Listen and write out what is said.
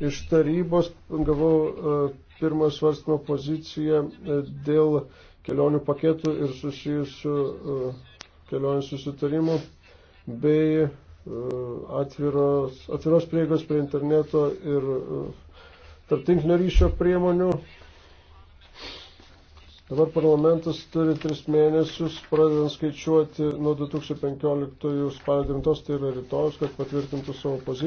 Iš tarybos gavau e, pirmą svarstymo poziciją e, dėl kelionių paketų ir susijusių e, kelionių susitarimų bei atviros, atviros prieigos prie interneto ir tarptinklinio ryšio priemonių. Dabar parlamentas turi tris mėnesius, pradedant skaičiuoti nuo 2015 spalio 9, tai yra rytojus, kad patvirtintų savo poziciją.